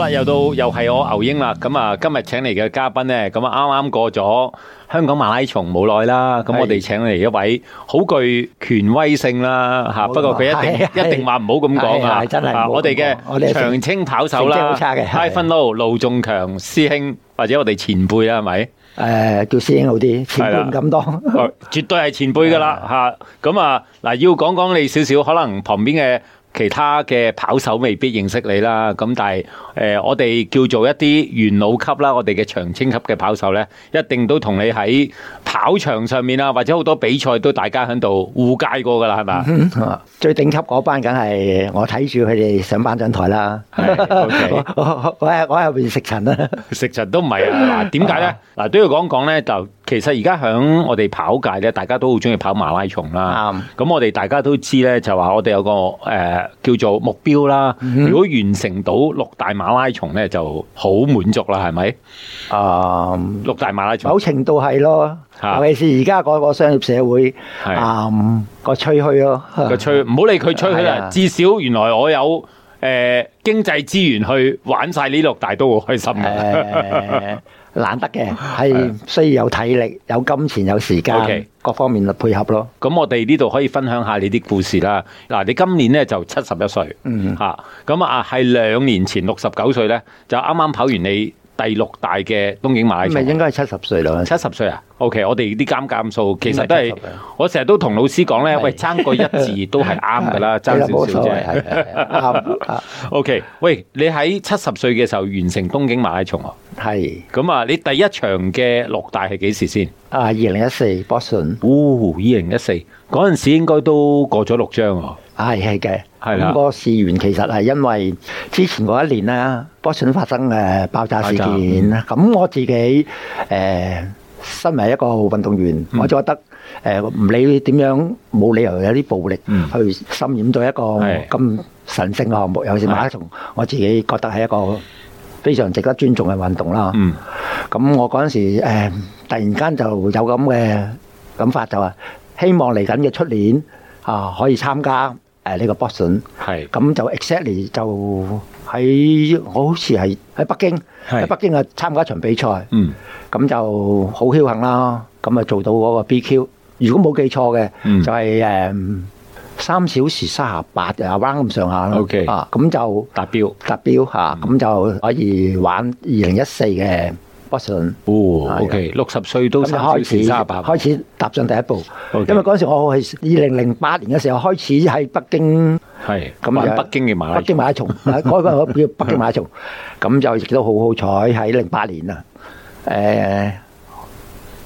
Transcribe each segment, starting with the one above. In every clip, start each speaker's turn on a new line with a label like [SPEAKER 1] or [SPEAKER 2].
[SPEAKER 1] 啦，又到又係我牛英啦。咁啊，今日請嚟嘅嘉賓咧，咁啊，啱啱過咗香港馬拉松冇耐啦。咁我哋請嚟一位好具權威性啦，吓。不過佢一定一定話唔好咁講啊。真係我哋嘅長青跑手啦，Ivan Lo 盧仲強師兄或者我哋前輩啦，係咪？
[SPEAKER 2] 誒，叫師兄好啲，前輩唔敢當。
[SPEAKER 1] 絕對係前輩噶啦吓。咁啊，嗱，要講講你少少，可能旁邊嘅。其他嘅跑手未必認識你啦，咁但係誒，我哋叫做一啲元老級啦，我哋嘅長青級嘅跑手咧，一定都同你喺跑場上面啊，或者好多比賽都大家喺度互介過噶啦，係嘛？
[SPEAKER 2] 最頂級嗰班，梗係我睇住佢哋上頒獎台啦。我我我喺入邊食塵啦，
[SPEAKER 1] 食塵都唔係啊？點解咧？嗱都要講講咧就。其實而家響我哋跑界咧，大家都好中意跑馬拉松啦。咁、um, 我哋大家都知咧，就話我哋有個誒、呃、叫做目標啦。Mm hmm. 如果完成到六大馬拉松咧，就好滿足啦，係咪？啊，um, 六大馬
[SPEAKER 2] 拉松，某程度係咯，尤其是而家嗰個商業社會，啊，個吹噓咯，個
[SPEAKER 1] 吹的，唔好理佢吹噓啦。的至少原來我有。誒，經濟資源去玩晒呢六大都好開心啊！
[SPEAKER 2] 難得嘅，係需要有體力、有金錢、有時間，okay, 各方面嘅配合咯。
[SPEAKER 1] 咁我哋呢度可以分享下你啲故事啦。嗱，你今年咧就七十一歲，嗯吓，咁啊係兩年前六十九歲咧，就啱啱跑完你第六大嘅東京馬拉松，咪應
[SPEAKER 2] 該係七十歲咯。七十歲啊
[SPEAKER 1] ？OK，我哋啲監計數其實都係，我成日都同老師講咧，喂，爭個一字都係啱㗎喇，爭少少啫。OK，喂，你喺七十歲嘅時候完成東京馬拉松啊？係。咁啊，你第一場嘅六大係幾時先？啊，二零一四 Boston。哦，二零一四嗰陣時應該
[SPEAKER 2] 都過咗六張喎。係係嘅。係啦。嗰個事緣其實係因為之前嗰一年啦。Boston 發生誒爆炸事件啦！咁我自己誒身為一個運動員，我就覺得誒唔理點樣，冇理由有啲暴力去滲染到一個咁神聖嘅項目，尤其是馬拉松。我自己覺得係一個非常值得尊重嘅運動啦。咁我嗰陣時誒突然間就有咁嘅諗法，就話希望嚟緊嘅出年啊可以參加誒呢個 Boston。係咁就 exactly 就。喺我好似係喺北京，喺是北京啊參加一場比賽，咁、嗯、就好僥幸啦。咁啊做到嗰個 BQ，如果冇記錯嘅，嗯、就係誒三小時三十八啊彎咁上下啦。Okay, 啊，咁就達標，達標嚇，咁就可以玩二零一四嘅波士頓。哦，OK，
[SPEAKER 1] 六十的歲都三小時，三十八，
[SPEAKER 2] 開始踏進第一步。Okay, 因為嗰陣時我係二零零八年嘅時候開始喺北京。
[SPEAKER 1] 係咁 啊！北京嘅馬拉松，北京
[SPEAKER 2] 馬拉松，嗰個叫北京馬拉松，咁就亦都好好彩，喺零八年啊，誒、呃，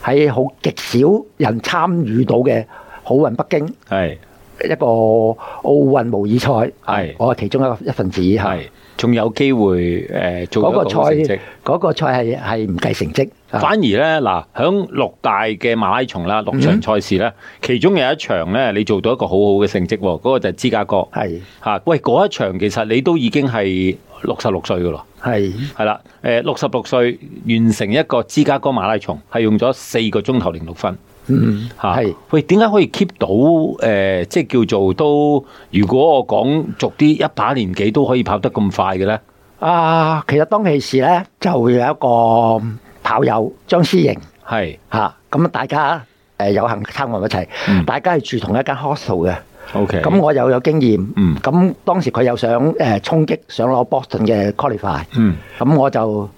[SPEAKER 2] 喺好極少人參與到嘅好運北京，係是一個奧運模擬賽，係是我係其中一個一份子嚇。仲有機會誒、呃、做嗰個，個賽，嗰、那個賽係唔計成績，反而呢
[SPEAKER 1] 嗱，響六大嘅馬拉松啦，六場賽事呢，嗯、哼其中有一場呢，你做到一個好好嘅成績，嗰個就係芝加哥。係嚇是、啊，喂，嗰一場其實你都已經係六十六歲噶咯。係是，係啦，誒、呃，六十六歲完成一個芝加哥馬拉松，係用咗四個鐘頭零六分。嗯，嚇，喂，點解可以 keep 到誒，即係叫做都，如果我講俗啲，一把年紀都可以跑得咁快嘅咧？
[SPEAKER 2] 啊，其實當其時咧，就會有一個跑友張思瑩，係嚇，咁啊，大家誒有幸參與一齊，大家係住同一間 hostel 嘅，OK，咁我又有經驗，嗯，咁當時佢又想誒衝擊，想攞 Boston 嘅 qualify，嗯，咁我就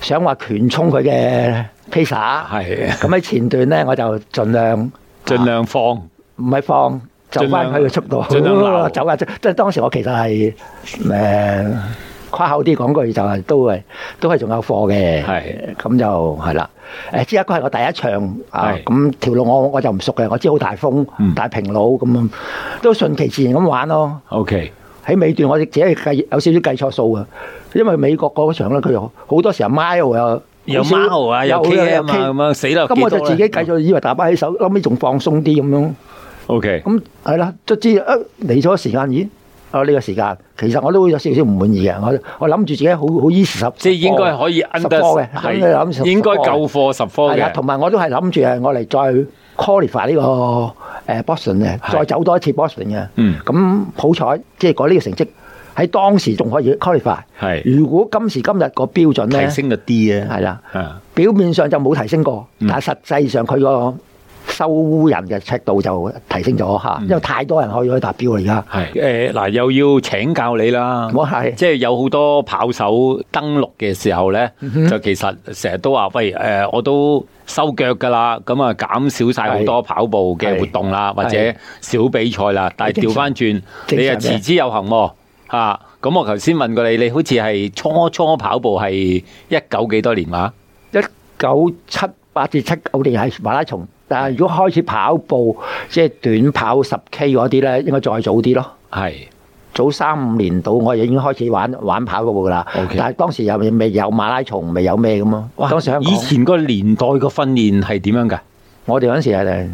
[SPEAKER 2] 想話拳衝佢嘅。披薩係，咁喺前段咧，我就盡量盡量放，唔係放，走翻佢嘅速度，走啊！即係當時我其實係誒誇口啲講句就係都係都係仲有貨嘅，係咁就係啦。誒，呢一個係我第一場啊，咁條路我我就唔熟嘅，我知好大風、大平路咁，都順其自然咁玩咯。O K，喺尾段我哋自己計有少少計錯數啊，因為美國嗰場咧，佢又好多時候 mile 又。有孖號啊，有 K 啊嘛，咁樣死啦！咁我就自己繼續，以為打翻起手，後屘仲放鬆啲咁樣。O K，咁係啦，卒之啊，嚟咗時間遠啊呢個時間，其實我都有少少唔滿意嘅。我我諗住自己好好 easy 十，即係應該可以恩得，係諗應該九
[SPEAKER 1] 科十科嘅。係啦，同
[SPEAKER 2] 埋我都係諗住啊，我嚟再 qualify 呢個誒 Boston 啊，再走多一次 Boston 嘅。嗯，咁好彩，即係講呢個成績。喺當時仲可以 qualify，係。如果今時今日個標準咧，提升咗啲啊，係啦。表面上就冇提升過，但係實際上佢個收人嘅尺度就提升咗吓，因為太多人可以去達標啦而
[SPEAKER 1] 家。係誒嗱，又要請教你啦，我係即係有好多跑手登陸嘅時候咧，就其實成日都話喂誒，我都收腳㗎啦，咁啊減少曬好多跑步嘅活動啦，或者少比賽啦。但係調返轉，你係持之有恆喎。啊，咁我頭先問過你，你好
[SPEAKER 2] 似係初初跑步係一九幾多年嘛？一九七八至七九年係馬拉松，但係如果開始跑步，即係短跑十 K 嗰啲咧，應該再早啲咯。係是早三五年到，我哋已經開始玩玩跑步嘅啦。Okay. 但係當時又未有馬拉松，未有咩咁咯。
[SPEAKER 1] 哇！當時以前個年代個訓練係點樣噶？我哋嗰時係。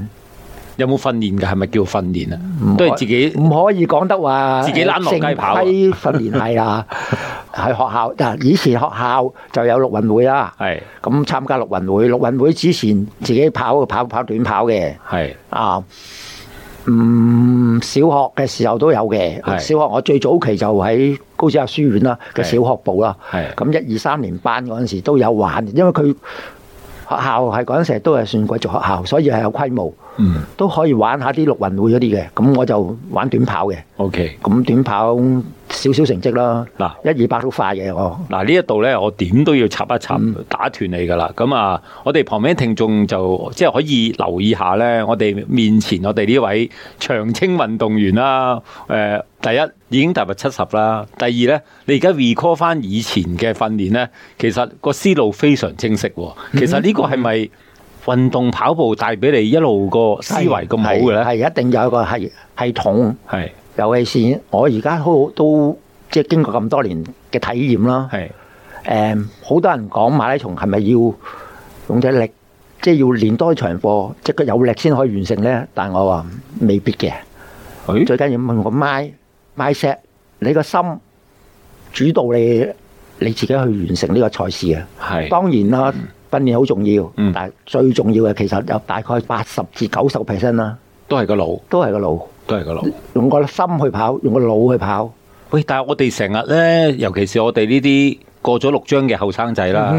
[SPEAKER 1] 有冇訓練嘅？係咪叫訓練啊？
[SPEAKER 2] 都係自己。唔可以講得話。自己攬木雞跑。 訓練係啊，喺學校嗱，以前學校就有陸運會啦。係是。咁參加陸運會，陸運會之前自己跑跑跑短跑嘅。係是。啊，嗯，小學嘅時候都有嘅。是小學我最早期就喺高士亞書院啦嘅小學部啦。係。咁一二三年班嗰陣時都有玩，因為佢學校係嗰陣時都係算貴族學校，所以係有規模。嗯，都可以玩下啲陸運會嗰啲嘅，咁我就玩短跑嘅。OK，咁短跑少少成績啦。嗱、啊，一二百都快嘅
[SPEAKER 1] 嗱呢一度呢，我點都要插一插，嗯、打斷你㗎喇。咁啊，我哋旁邊聽眾就即係可以留意下呢，我哋面前我哋呢位長青運動員啦、啊。誒、呃，第一已經踏入七十啦，第二呢，你而家 recall 返以前嘅訓練呢，其實個思路非常清晰。其實呢個係咪、嗯？
[SPEAKER 2] 運動跑步帶俾你一路個思維咁好嘅咧？係一定有一個係系統，係是尤其是我而家都都即係經過咁多年嘅體驗啦。係誒是，好、嗯、多人講馬拉松係咪要用者力，即係要練多場課，隻腳有力先可以完成咧？但係我話未必嘅，是最緊要係 my mindset，你個心主導你你自己去完成呢個賽事嘅。係是當然啦。嗯訓練好重要，嗯、但最重要嘅其實有大概八十至九十個 percent 啦，都係個腦，都係個腦，
[SPEAKER 1] 都係個腦，用個心去跑，用個腦去跑。喂，但係我哋成日咧，尤其是我哋呢啲過咗六張嘅後生仔啦，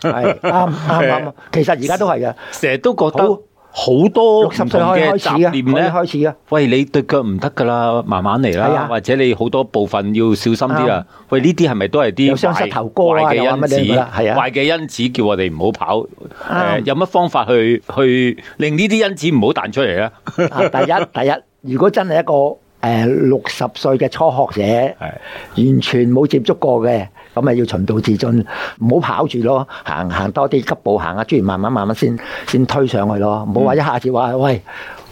[SPEAKER 1] 係
[SPEAKER 2] 啱啱啱，其實而家都係嘅，成日都覺得。好多六十歲開始啊！開始啊！
[SPEAKER 1] 喂，你對腳唔得噶啦，慢慢嚟啦，或者你好多部分要小心啲啊！喂，呢啲係咪都係啲有傷膝頭哥嘅因子？係啊，壞嘅因子叫我哋唔好跑。誒，有乜方法去去令呢啲因子唔好彈出嚟咧？第一，
[SPEAKER 2] 第一，如果真係一個誒六十歲嘅初學者，係完全冇接觸過嘅。咁咪要循序漸進，唔好跑住咯，行行多啲，急步行啊，先慢慢慢慢先先推上去咯，唔好話一下子話、嗯、喂，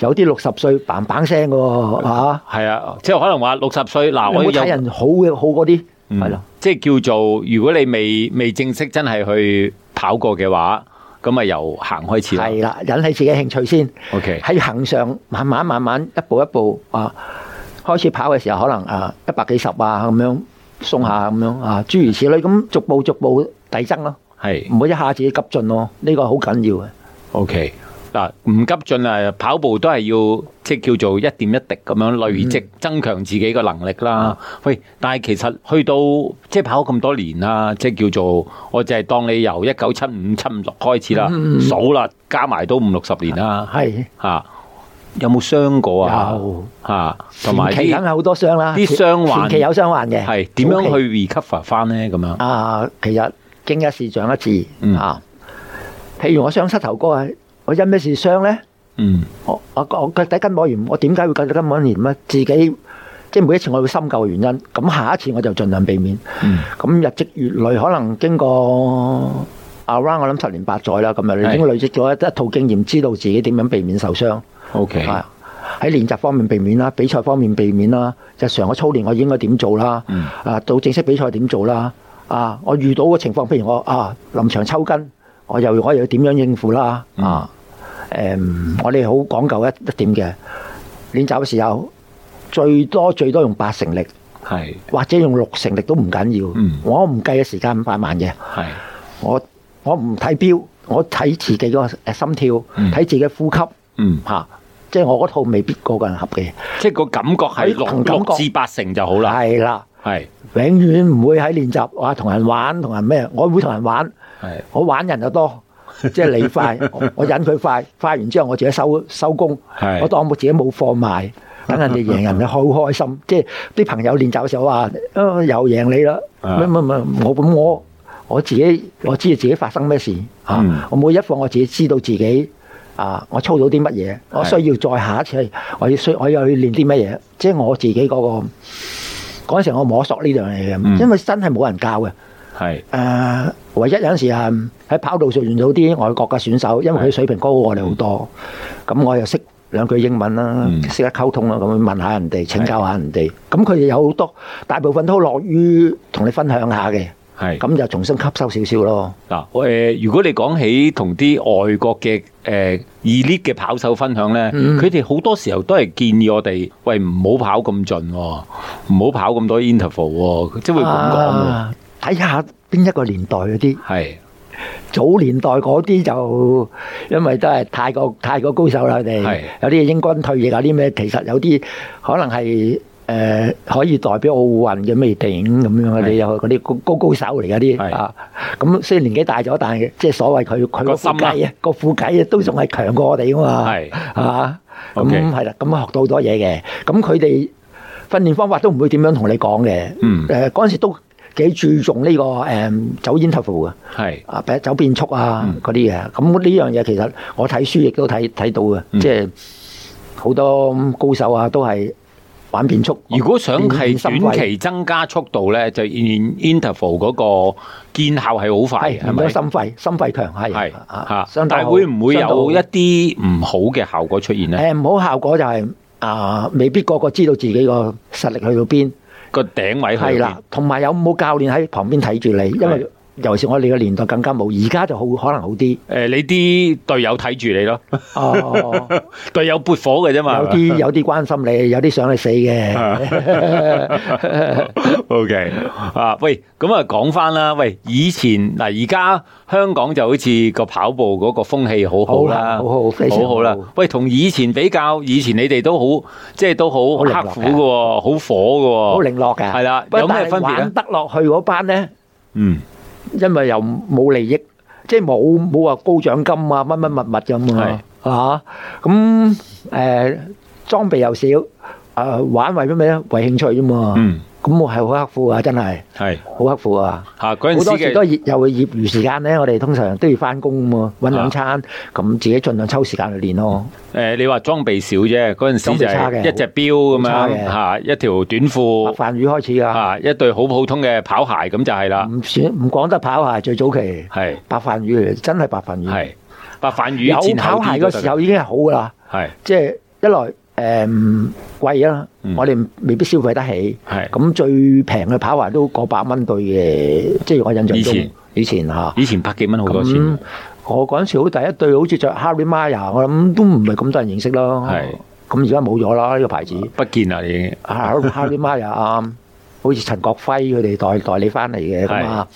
[SPEAKER 2] 有啲六十歲棒棒聲喎、啊、
[SPEAKER 1] 係、嗯、啊，即係可能話六十歲嗱、啊，我睇人
[SPEAKER 2] 好嘅好嗰啲，係咯、啊嗯，即
[SPEAKER 1] 係叫做如果你未未正式真係去跑過嘅話，咁咪由
[SPEAKER 2] 行開始，係啦、啊，引起自己興趣先，OK，喺行上慢慢慢慢一步一步啊，開始跑嘅時候可能啊一百幾十啊咁樣。送下咁樣啊，諸如此類咁，逐步逐步遞增咯，係唔好一下子急進咯，呢、這個好緊要嘅。
[SPEAKER 1] O K 嗱，唔急進啊，跑步都係要即係叫做一點一滴咁樣累積、嗯、增強自己個能力啦。嗯、喂，但係其實去到即係跑咁多年啦，即係叫做我淨係當你由一九七五七五六開始啦，數啦、嗯、加埋都五六十年啦，係吓、嗯。嗯嗯有冇傷過啊？有
[SPEAKER 2] 吓，同埋前期梗係好多傷啦，啲傷前期有傷患嘅係，點樣去 recover 翻咧？咁樣啊，其實經一事長一智啊，譬如我傷膝頭哥啊，我因咩事傷
[SPEAKER 1] 咧？
[SPEAKER 2] 嗯，我我我腳底筋膜炎，我點解會繼續筋膜炎咧？自己即係每一次我會深究原因，咁下一次我就盡量避免。咁日積月累，可能經過 around，我諗十年八載啦，咁啊，你已經累積咗一套經驗，知道自己點樣避免受傷。O K 喺練習方面避免啦，比賽方面避免啦，日常嘅操練我應該點做啦？啊、嗯，到正式比賽點做啦？啊，我遇到嘅情況，譬如我啊臨場抽筋，我又我又要點樣應付啦？啊，誒、嗯嗯，我哋好講究一一點嘅練習嘅時候，最多最多用八成力，係是或者用六成力都唔緊要。嗯、我唔計嘅時間五百萬嘅是，我我唔睇表，我睇自己個心跳，睇自己呼吸，嗯嚇。嗯啊即係我嗰套未必過個人合嘅，
[SPEAKER 1] 即係個感覺係六至八
[SPEAKER 2] 成就好啦。係啦，係永遠唔會喺練習話同人玩，同人咩？我會同人玩，我玩人就多，即係你快，我引佢快，快完之後我自己收收工，我當我自己冇貨賣，等人哋贏人哋好開心。即係啲朋友練習嘅時候話：又贏你啦！唔唔唔，我咁我我自己我知道自己發生咩事嚇，我每一課我自己知道自己。啊！我操到啲乜嘢？是的 我需要再下一次，我需要需我要去練啲乜嘢？即、就、係、是、我自己嗰、那個嗰、那個、陣時我，我摸索呢樣嘢，因為真係冇人教嘅。係誒是的、呃，唯一有陣時啊，喺跑道上遇到啲外國嘅選手，因為佢水平高過我哋好多。咁是的 我又識兩句英文啦，識、嗯、得溝通啦，咁問下人哋，請教下人哋。咁佢哋有好多，大部分都樂於同你分享下嘅。係，咁是就重新吸收少少咯。嗱、
[SPEAKER 1] 啊，誒、呃，如果你講起同啲外國嘅誒，elite 嘅跑手分享咧，佢哋好多時候都係建議我哋，喂，唔好跑咁盡、哦，唔好跑咁多 interval、哦、即係會咁講。
[SPEAKER 2] 睇、啊、下邊一個年代嗰啲，係是早年代嗰啲就，因為都係太過太過高手啦，佢哋是有啲英軍退役啊，啲咩，其實有啲可能係。誒，可以代表奧運嘅咩頂咁樣，你有嗰啲高高手嚟嘅啲啊？咁雖然年紀大咗，但係即係所謂佢佢個計啊，個苦計啊，都仲係強過我哋噶嘛？係、right、啊、okay？咁係啦，咁學到好多嘢嘅。咁佢哋訓練方法都唔會點樣同你講嘅。嗯。誒，嗰陣時都幾注重呢個誒走 interval 嘅。係。啊，走變速啊，嗰啲嘢。咁呢樣嘢其實我睇書亦都睇睇到嘅。嗯。即係好多高手啊，都係。玩變速，如果想係短期
[SPEAKER 1] 增加速度咧，就 interval 嗰個見效係好快，係咪心
[SPEAKER 2] 肺心肺？強係
[SPEAKER 1] 係嚇，但會唔會有一啲唔好嘅效果出現咧？
[SPEAKER 2] 誒唔好效果就係啊，未必個個知道自己個實力去到邊
[SPEAKER 1] 個頂位去到邊。係啦，
[SPEAKER 2] 同埋有冇教練喺旁邊睇住你？因為尤其是我哋個年代更加冇，而家就好可能好啲。
[SPEAKER 1] 誒，你啲隊友睇住你咯。哦，隊友撥火嘅啫嘛，有啲有
[SPEAKER 2] 啲關心你，有啲想你死嘅。
[SPEAKER 1] OK 啊，喂，咁啊講翻啦，喂，以前嗱，而家香港就好似個跑步嗰個風氣好好啦，好好非常好啦。喂，同以前比較，以前你哋都好，即係都
[SPEAKER 2] 好刻苦嘅，好火嘅，好零落嘅，係啦。有咩分別咧？得落去嗰班咧，嗯。因為又冇利益，即係冇冇話高獎金啊，乜乜物物咁啊，係吓咁，誒裝備又少，誒、呃、玩為咗咩咧？為興趣啫嘛。嗯咁我係好刻苦啊，真係，係好刻苦啊！
[SPEAKER 1] 嚇，嗰陣時好多時
[SPEAKER 2] 都業又會業餘時間咧，我哋通常都要返工喎，搵兩餐，咁自己盡量抽時間去練咯。
[SPEAKER 1] 誒，你話裝備少啫，嗰陣時就一隻錶咁樣嚇，一條短褲，白飯魚開始啊！嚇，一對好普通嘅跑鞋咁就
[SPEAKER 2] 係啦。唔算唔講得跑鞋，最早期係白飯魚，真係白飯魚。係
[SPEAKER 1] 白飯魚，有跑鞋嘅時候已經係
[SPEAKER 2] 好啦。係即係一來。誒，um, 貴啦，我哋未必消費得起。係，咁 是最平嘅跑鞋都過百蚊對嘅，即係我印象中。以前，以前
[SPEAKER 1] 吓。以前百幾蚊好多錢。
[SPEAKER 2] 我嗰陣時好第一對，好似着 Harry Mayer，我諗都唔係咁多人認識咯。係是。咁而家冇咗啦，呢、這個牌子。不見啦已經。Harry Mayer 啊，好似陳國輝佢哋代代理翻嚟嘅咁啊，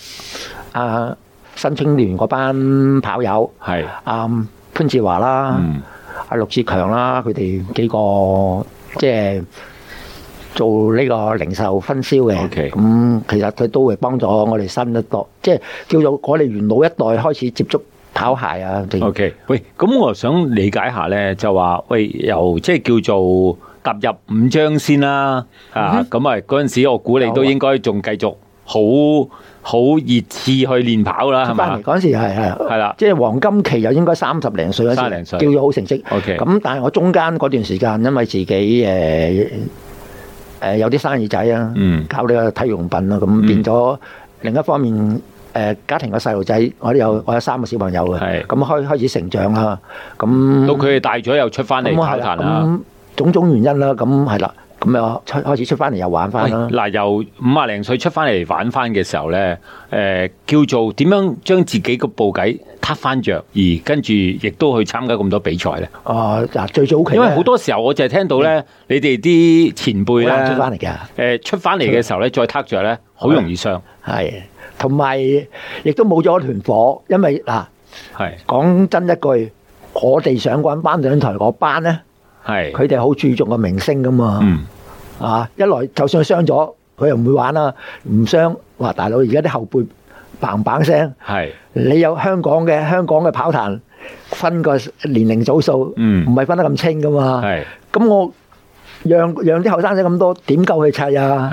[SPEAKER 2] 啊新青年嗰班跑友。係、啊。啊潘志華啦。是嗯阿陸志強啦，佢哋幾個即係做呢個零售分銷嘅，咁其實佢都會幫咗我哋新一代，即係叫做我哋元老一代開始接觸跑鞋啊。OK，
[SPEAKER 1] 喂，咁我想理解下咧，就話喂，由即係叫做踏入五張先啦，啊，咁啊嗰陣時，我估你都應該仲繼續，好好熱刺去練跑啦，係嘛？嗰陣
[SPEAKER 2] 時係係係啦，即係黃金期又應該三十零歲嗰時，叫做好成績。OK，咁但係我中間嗰段時間，因為自己誒誒有啲生意仔啊，搞呢個體育用品啦，咁變咗另一方面誒家庭嘅細路仔，我哋有我有三個小朋友嘅，咁開開始成長啊，咁到佢
[SPEAKER 1] 哋大咗又出翻嚟跑壇啦，咁
[SPEAKER 2] 種種原因啦，咁係啦。咁又出開始出翻嚟又玩翻啦。嗱、
[SPEAKER 1] 呃，由五啊零歲出翻嚟玩翻嘅時候咧，誒、呃，叫做點樣將自己個部偈撻翻着？而跟住亦都去參加咁多比賽咧。
[SPEAKER 2] 哦，嗱，最早期。因為好
[SPEAKER 1] 多時候我就係聽到咧，嗯、你哋啲前輩咧出翻嚟嘅。誒、呃，出翻嚟嘅時候咧，再撻着咧，好、嗯、容易傷。
[SPEAKER 2] 係，同埋亦都冇咗一團火，因為嗱，係、呃、講是真一句，我哋上緊班上台嗰班咧。係佢哋好注重個明星噶嘛，嗯、啊一來就算傷咗，佢又唔會玩啦、啊。唔傷話大佬，而家啲後輩棒棒聲，是你有香港嘅香港嘅跑壇，分個年齡組數，唔係、嗯、分得咁清噶嘛。咁是我讓讓啲後生仔咁多，點夠佢砌啊？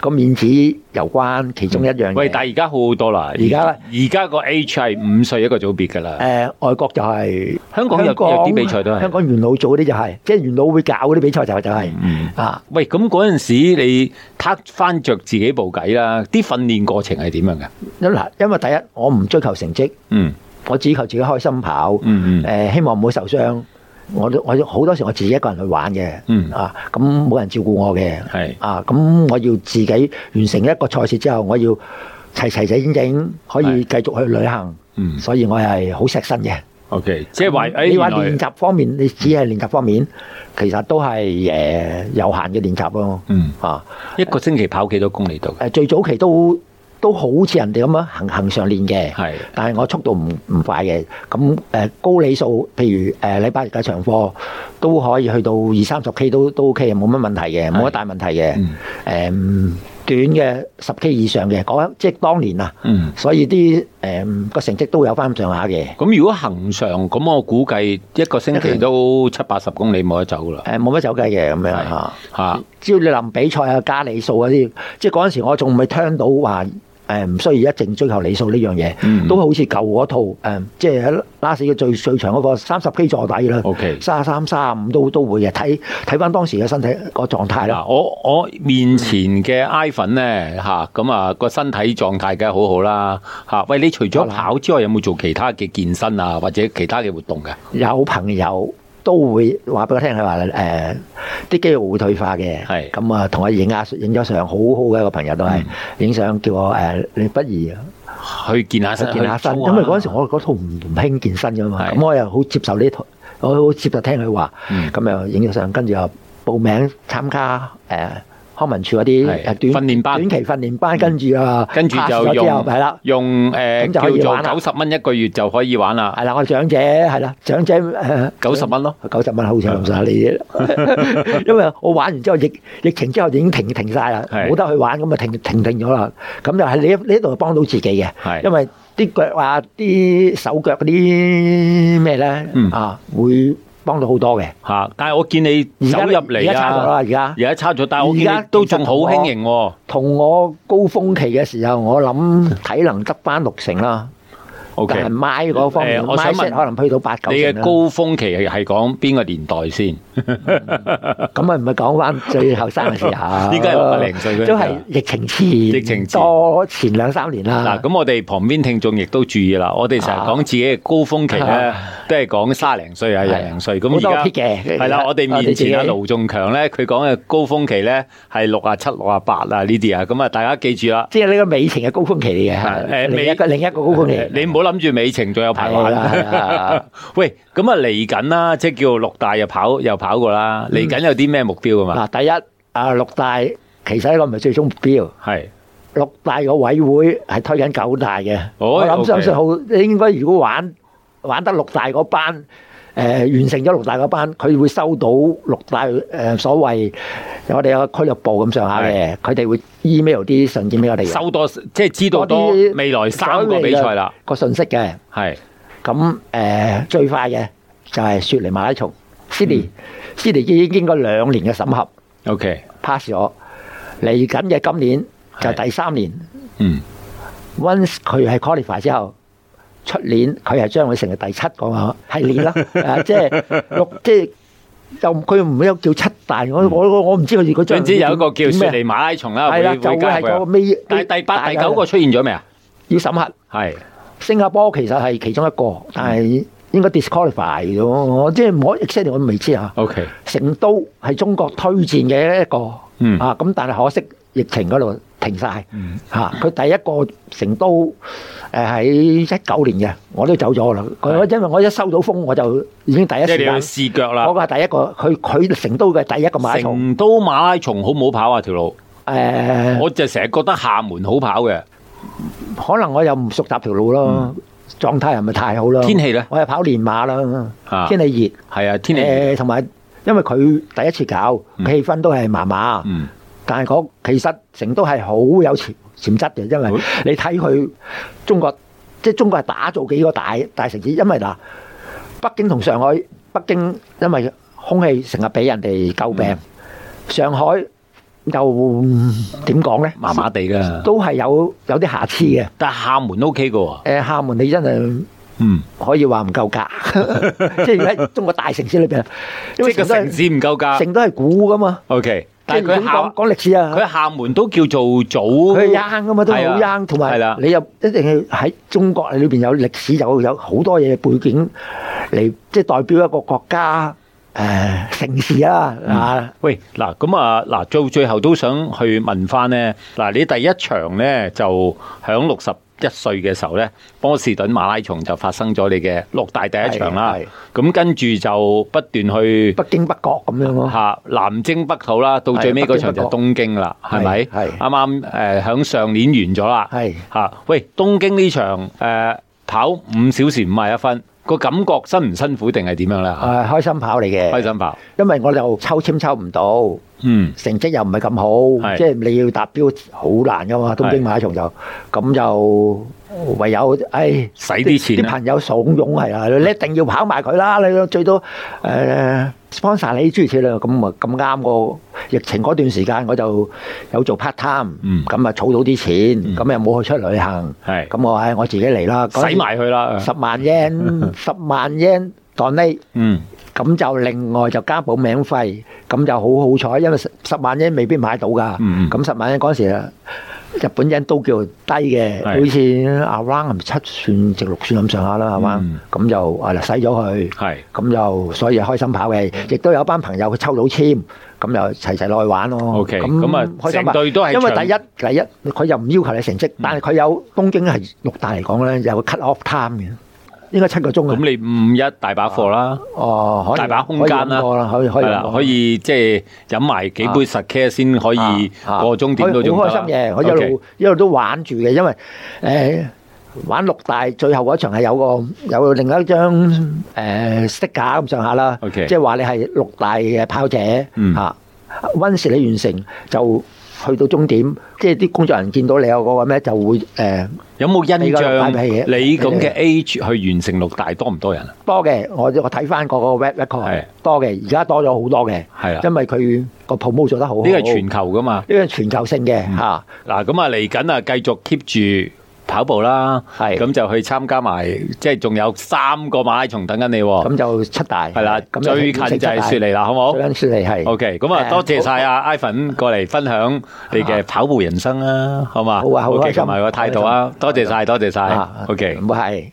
[SPEAKER 2] 個面子有關其中一樣嘢、
[SPEAKER 1] 嗯，喂！但係而家好好多啦，而家而家個 H 係五歲一個組別噶啦。誒、呃，外國就係、
[SPEAKER 2] 是、香港有啲港比賽都係，香港元老組啲就係、是，即係元老會搞啲比賽就就是、係、嗯、
[SPEAKER 1] 啊。喂，咁嗰陣時你撻翻着自己部偈啦，啲訓練過程係點樣嘅？
[SPEAKER 2] 一嗱，因為第一我唔追求成績，嗯，我只求自己開心跑，嗯嗯，誒、嗯呃，希望唔好受傷。我都我都好多時我自己一個人去玩嘅，嗯、啊咁冇人照顧我嘅。是啊咁我要自己完成一個賽事之後，我要齊齊整整可以繼續去旅行，嗯、所以我係好錫身嘅。O Okay , K，、
[SPEAKER 1] 啊、即係話、啊、來你話練習
[SPEAKER 2] 方面，你只係練習方面，其實都係誒、呃、有限嘅練習咯。嗯啊，一個星期跑幾多公里到？誒、啊啊，最早期都。都好似人哋咁樣行行上練嘅，但係我速度唔唔快嘅，咁、嗯、誒高里數，譬如誒禮、呃、拜日嘅長課，都可以去到二三十 k 都都 OK 嘅，冇乜問題嘅，冇乜大問題嘅，誒、嗯嗯、短嘅十 k 以上嘅，講即係當年啊，嗯嗯、所以啲誒個成績都有翻咁上下嘅。咁如果行上咁，我估計一個星期
[SPEAKER 1] 都七八十公里冇得走噶啦。
[SPEAKER 2] 誒冇乜走計嘅咁樣嚇嚇，哈哈只要你臨比賽啊加里數嗰啲，即係嗰陣時我仲未到聽到話。誒唔需要一定追求理數呢樣嘢，嗯、都好似舊嗰套誒、嗯，即係喺拉屎嘅最最，最長嗰個三十 K 座底啦，三十三三十五都都會嘅，睇睇翻當時嘅身體個狀態啦。
[SPEAKER 1] 我我面前嘅 Ivan 咧嚇，咁啊個、啊、身體狀態梗係好好啦嚇。喂，你除咗跑之外，的有冇做其他嘅健身啊或者其他嘅
[SPEAKER 2] 活動嘅？有朋友。都會話俾我聽，佢話誒啲肌肉會退化嘅，咁啊同我影下影咗相，好好嘅一個朋友都係影相，叫我誒、呃，你不如
[SPEAKER 1] 去健下身，健下身。咁啊嗰
[SPEAKER 2] 陣時我嗰套唔興健身嘅嘛，咁是我又好接受呢套，我好接受聽佢話，咁又影咗相，跟住又報名參加誒。呃康文署嗰啲短短期訓練班，跟住啊，跟住就用係啦，
[SPEAKER 1] 用誒叫做九十蚊一個月就可以玩啦。
[SPEAKER 2] 係啦，我長者係啦，長者誒九十蚊咯，九十蚊好似係唔使你嘅，因為我玩完之後疫疫情之後就已經停停曬啦，冇得去玩，咁啊停停停咗啦。咁就係你呢呢度幫到自己嘅，因為啲腳啊、啲手腳嗰啲咩咧啊會降到好多嘅，嚇、啊！但係我見你走入嚟而家差咗啦，而
[SPEAKER 1] 家而家差咗，但係我見你都仲好輕盈
[SPEAKER 2] 喎、啊。同我，我高峰期嘅時候，我諗體能得翻六成啦。係麥嗰方面，我想問可能去到八九歲啦。你嘅高
[SPEAKER 1] 峰期係講邊個年代先？
[SPEAKER 2] 咁啊，唔係講翻最後生時吓，依家六廿零歲都係疫情前，疫情多前兩三年啦。嗱，
[SPEAKER 1] 咁我哋旁邊聽眾亦都注意啦。我哋成日講自己嘅高峰期咧，都係講卅零歲啊，廿零歲咁。好多 hit 嘅，係啦。我哋面前啊，盧仲強咧，佢講嘅高峰期咧係六廿七、六廿八啊呢啲啊。咁啊，大家記住啦，即係呢個尾程嘅高峰期嚟嘅。係誒，另一
[SPEAKER 2] 個另一個高峰期，
[SPEAKER 1] 你唔好諗。諗住美程仲有排玩啦， 喂，咁啊嚟緊啦，即係叫六大又跑又跑過啦，嚟緊有啲咩目標啊嘛、嗯？
[SPEAKER 2] 第一啊、呃，六大其實呢個唔係最終目標，係的六大個委會係推緊九大嘅，oh, 我諗三十號應該如果玩玩得六大嗰班。誒完成咗六大嗰班，佢會收到六大，誒所謂我哋有個俱樂部咁上下嘅，佢哋會 email 啲信件俾我哋。收
[SPEAKER 1] 到即係知道啲未來三個比賽啦，
[SPEAKER 2] 個信息嘅，係咁，誒最快嘅就係雪梨馬拉松。雪梨，雪梨已經經過兩年嘅審核，OK pass 咗。嚟緊嘅今年就第三年。嗯，once 佢係 qualify 之後。出年佢係將會成為第七個系列啦，即係六即係又佢唔會有叫七大，我我我我唔知佢如果總之有一個叫雪梨馬
[SPEAKER 1] 拉松啦，係啦就會係個尾。但第八、第九個出現咗未啊？
[SPEAKER 2] 要審核。係新加坡其實係其中一個，但係應該 disqualify 咗，我即係唔可以 accept，我唔未知嚇。O K. 成都係中國推薦嘅一個，嗯啊咁，但係可惜疫情嗰度。停曬嚇！佢第一個成都誒喺一九年嘅，我都走咗啦。佢因為我一收到風，我就已經第一次。即係你去試腳啦！我個係第一個，佢佢成都嘅第一個馬拉松。成都馬拉松好唔好跑啊？條路誒，我
[SPEAKER 1] 就成日覺得廈門好跑嘅，
[SPEAKER 2] 可能我又唔熟習條路咯，狀態又唔係太好啦。天氣咧，我又跑連馬啦。天氣熱係啊，天氣熱誒，同埋因為佢第一次搞，氣氛都係麻麻。但係講其實成都係好有潛潛質嘅，因為你睇佢中國，即係中國係打造幾個大大城市，因為嗱，北京同上海，北京因為空氣成日俾人哋詬病，上海又點講咧？麻麻地㗎，都係有有啲瑕疵嘅。但係廈門 OK 㗎喎。誒，廈門你真係嗯可以話唔夠格，即係而家中國大城市裏邊，即係個城市唔夠格。成都係古㗎嘛？OK。
[SPEAKER 1] 即係佢講講歷史啊！佢廈門都叫
[SPEAKER 2] 做早，佢硬噶嘛，都好硬。同埋你又一定係喺中國裏邊有歷史，有有好多嘢背景嚟，即係代表一個國家、誒城市啊！啊，喂，嗱
[SPEAKER 1] 咁啊，嗱，到最後都想去問翻咧，嗱，你第一場咧就響六十一歲嘅時候呢，波士頓馬拉松就發生咗你嘅六大第一場啦。咁跟住就不斷去北京、北角咁樣咯、啊。嚇、啊，南征北討啦，到最尾嗰場就東京啦，係咪的？係啱啱誒響上年完咗啦。係嚇的、啊，喂東京呢場誒、呃、跑五小時五十一分。個感覺辛唔
[SPEAKER 2] 辛苦定係點樣咧？係開心跑嚟嘅，開心跑。心跑因為我又抽籤抽唔到，嗯，成績又唔係咁好，即係是你要達標好難噶嘛。東京馬拉松就咁是就唯有，唉、哎，使啲錢，啲朋友慫恿，係啊，你一定要跑埋佢啦，你最多誒。呃 sponsor 你啲諸如此類啦，咁啊咁啱個疫情嗰段時間，我就有做 part time，咁啊儲到啲錢，咁又冇去出旅行，咁、嗯、我係我自己嚟啦，使埋佢啦，十萬 yen，十萬 yen donate，咁就另外就加報名費，咁就好好彩，因為十十萬 yen 未必買到㗎，咁、嗯、十萬 yen 嗰時啊。日本人都叫低嘅，好是似阿 Run 係咪七寸直六寸咁上下啦，係嘛、嗯？咁就係啦，使咗佢，咁就。所以開心跑嘅，亦都有一班朋友佢抽到籤，咁又齊齊落去玩咯。O K，咁啊，成麼隊都係長，因為第一第一佢又唔要求你成績，嗯、但係佢有東京係六大嚟講咧，有 cut off time 嘅。應該七個鐘，咁你五一大
[SPEAKER 1] 把貨啦，大把空間啦，可以可以。係啦，可以即係飲埋幾杯十 care 先可以個鐘點到鐘。好開心嘅，我一路
[SPEAKER 2] 一路都玩住嘅，因為誒玩六大最後嗰場係有個有另一張誒 sticker 咁上下啦，即係話你係六大嘅跑者吓 Once 你完成就。去到終點，即係啲工作人員見到你有嗰個咩，就會誒。呃、有冇印象你咁嘅
[SPEAKER 1] H 去完成六大多唔多人啊？
[SPEAKER 2] 多嘅，我我睇翻個個 web record 係多嘅，而家多咗好多嘅。係啊的，因為佢個 promo 做得好。呢個係全球㗎嘛？呢個係全球性嘅
[SPEAKER 1] 吓。嗱咁、嗯、啊，嚟緊啊，繼續 keep 住。跑步啦，係咁就去參加埋，即係仲有三個馬拉松等緊你，咁就七大，係啦，最近就係雪梨啦，好
[SPEAKER 2] 冇？最近雪梨係。
[SPEAKER 1] OK，咁啊，多謝曬阿 Ivan 過嚟分享你嘅跑步人生啊，好嘛？好啊，好開心，同埋個態度啊，多謝曬，多謝曬，OK，bye。